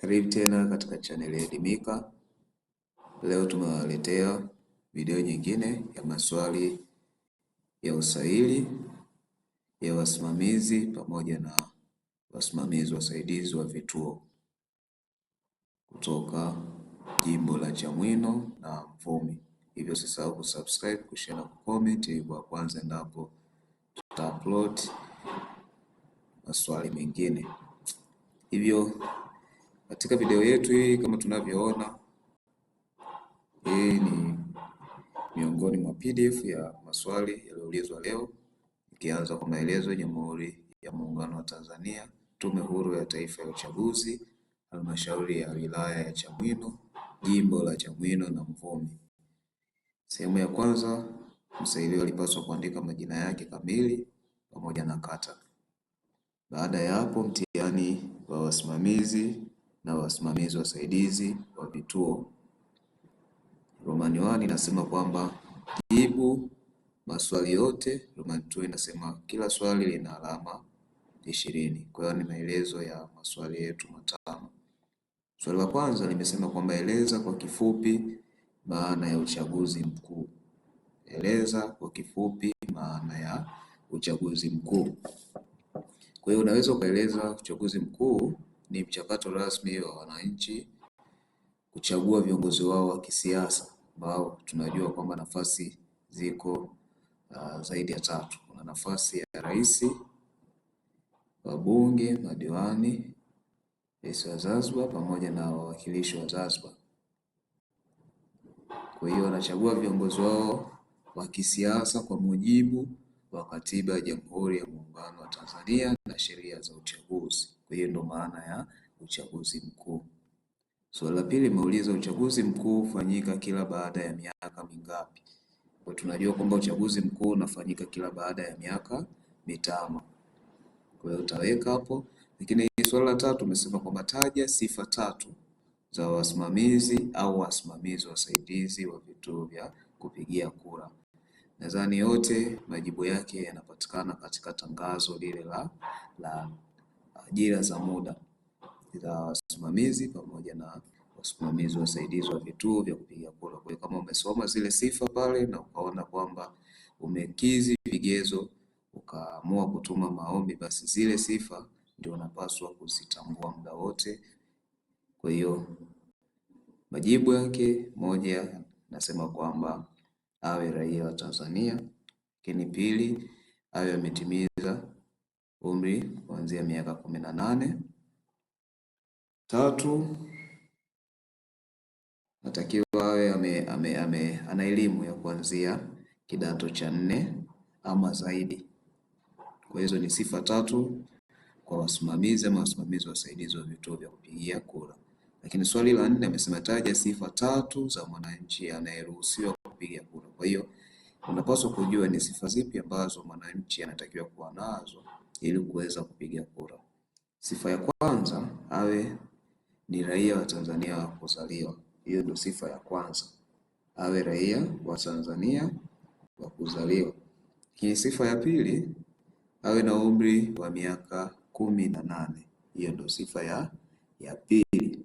Karibu tena katika chaneli ya Elimika. Leo tumewaletea video nyingine ya maswali ya usaili ya wasimamizi pamoja na wasimamizi wasaidizi wa vituo kutoka jimbo la Chamwino na Mvumi. Hivyo usisahau kusubscribe, kushare na kucomment ili kwa kwanza endapo tutaupload maswali mengine hivyo katika video yetu hii kama tunavyoona, hii ni miongoni mwa PDF ya maswali yaliyoulizwa leo, ikianza kwa maelezo ya Jamhuri ya Muungano wa Tanzania, Tume Huru ya Taifa ya Uchaguzi, Halmashauri ya Wilaya ya Chamwino, Jimbo la Chamwino na Mvumi. Sehemu ya kwanza, msailiwa alipaswa kuandika majina yake kamili pamoja na kata. Baada ya hapo, mtihani wa wasimamizi na wasimamizi wasaidizi wa vituo. Romani 1 inasema kwamba jibu maswali yote. Romani 2 inasema kila swali lina alama ishirini. Kwa hiyo ni maelezo ya maswali yetu matano. Swali la kwanza limesema kwamba eleza kwa kifupi maana ya uchaguzi mkuu. Eleza kwa kifupi maana ya uchaguzi mkuu. Kwa hiyo unaweza ukaeleza uchaguzi mkuu ni mchakato rasmi wa wananchi kuchagua viongozi wao wa kisiasa ambao tunajua kwamba nafasi ziko uh, zaidi ya tatu. Kuna nafasi ya rais, wabunge, madiwani, rais wa Zanzibar pamoja na wawakilishi wa Zanzibar. Kwa hiyo wanachagua viongozi wao wa kisiasa kwa mujibu wa katiba ya Jamhuri ya Muungano wa Tanzania na sheria za uchaguzi. Kwa hiyo ndo maana ya uchaguzi mkuu. Swali so, la pili imeuliza uchaguzi mkuu hufanyika kila baada ya miaka mingapi? Kwa tunajua kwamba uchaguzi mkuu unafanyika kila baada ya miaka mitano. Kwa hiyo utaweka hapo, lakini swali la tatu umesema kwamba taja sifa tatu za wasimamizi au wasimamizi wasaidizi wa vituo vya kupigia kura. Nadhani yote majibu yake yanapatikana katika tangazo lile la la ajira za muda za wasimamizi pamoja na wasimamizi wasaidizi wa vituo vya kupiga kura. Kwa hiyo kama umesoma zile sifa pale na ukaona kwamba umekizi vigezo ukaamua kutuma maombi, basi zile sifa ndio unapaswa kuzitambua muda wote. Kwa hiyo majibu yake, moja, nasema kwamba awe raia wa Tanzania, lakini pili, awe ametimiza umri kuanzia miaka kumi na nane. Tatu, natakiwa awe ame, ame, ame, ana elimu ya kuanzia kidato cha nne ama zaidi. Kwa hizo ni sifa tatu kwa wasimamizi ama wasimamizi wasaidizi wa vituo vya kupigia kura. Lakini swali la nne amesema taja sifa tatu za mwananchi anayeruhusiwa kupiga kura. Kwa hiyo unapaswa kujua ni sifa zipi ambazo mwananchi anatakiwa kuwa nazo ili kuweza kupiga kura. Sifa ya kwanza awe ni raia wa Tanzania wa kuzaliwa, hiyo ndio sifa ya kwanza, awe raia wa Tanzania wa kuzaliwa. Lakini sifa ya pili awe na umri wa miaka kumi na nane, hiyo ndio sifa ya, ya pili.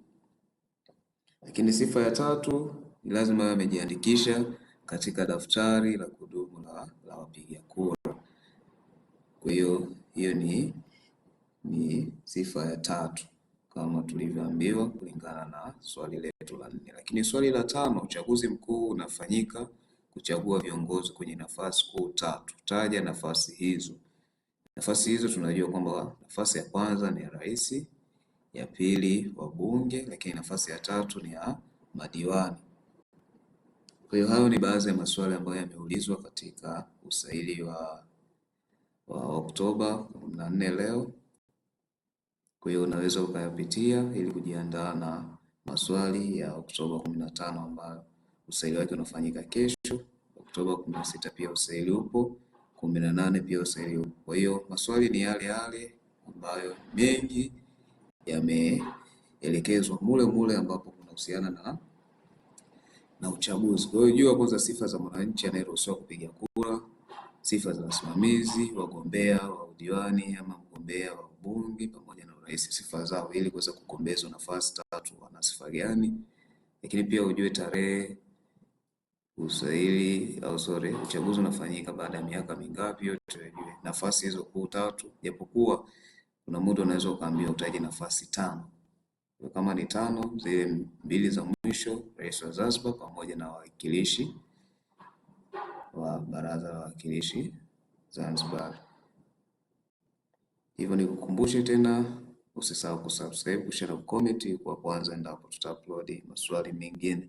Lakini sifa ya tatu ni lazima awe amejiandikisha katika daftari la kudumu la, la wapiga kura. Kwa hiyo hiyo ni, ni sifa ya tatu kama tulivyoambiwa kulingana na swali letu la nne. Lakini swali la tano, uchaguzi mkuu unafanyika kuchagua viongozi kwenye nafasi kuu tatu. Taja nafasi hizo. Nafasi hizo tunajua kwamba nafasi ya kwanza ni ya rais, ya pili wabunge, lakini nafasi ya tatu ni ya madiwani. Kwa hiyo hayo ni baadhi ya maswali ambayo yameulizwa katika usaili wa wa Oktoba kumi na nne leo. Kwa hiyo unaweza ukayapitia ili kujiandaa na maswali ya Oktoba kumi na tano ambayo usaili wake unafanyika kesho. Oktoba kumi na sita pia usaili upo, kumi na nane pia usaili upo. Kwa hiyo maswali ni yale yale ambayo mengi yameelekezwa mule mule ambapo kunahusiana na na uchaguzi. Kwa hiyo jua kwanza sifa za mwananchi anayeruhusiwa kupiga kura sifa za wasimamizi, wagombea wa udiwani ama mgombea wa ubunge pamoja na urais, sifa zao ili kuweza kugombea nafasi tatu, wana sifa gani? Lakini pia ujue tarehe usaili au sorry, uchaguzi unafanyika baada ya miaka mingapi, yote ujue nafasi hizo kuu tatu, japokuwa kuna muda unaweza ukaambiwa utaje nafasi tano kama ni tano, zile mbili za mwisho, rais wa Zanzibar pamoja na wawakilishi wa Baraza la Wawakilishi Zanzibar. Hivyo nikukumbushe tena, usisahau kusubscribe, kushare na kucomment kwa kwanza endapo tutaupload maswali mengine.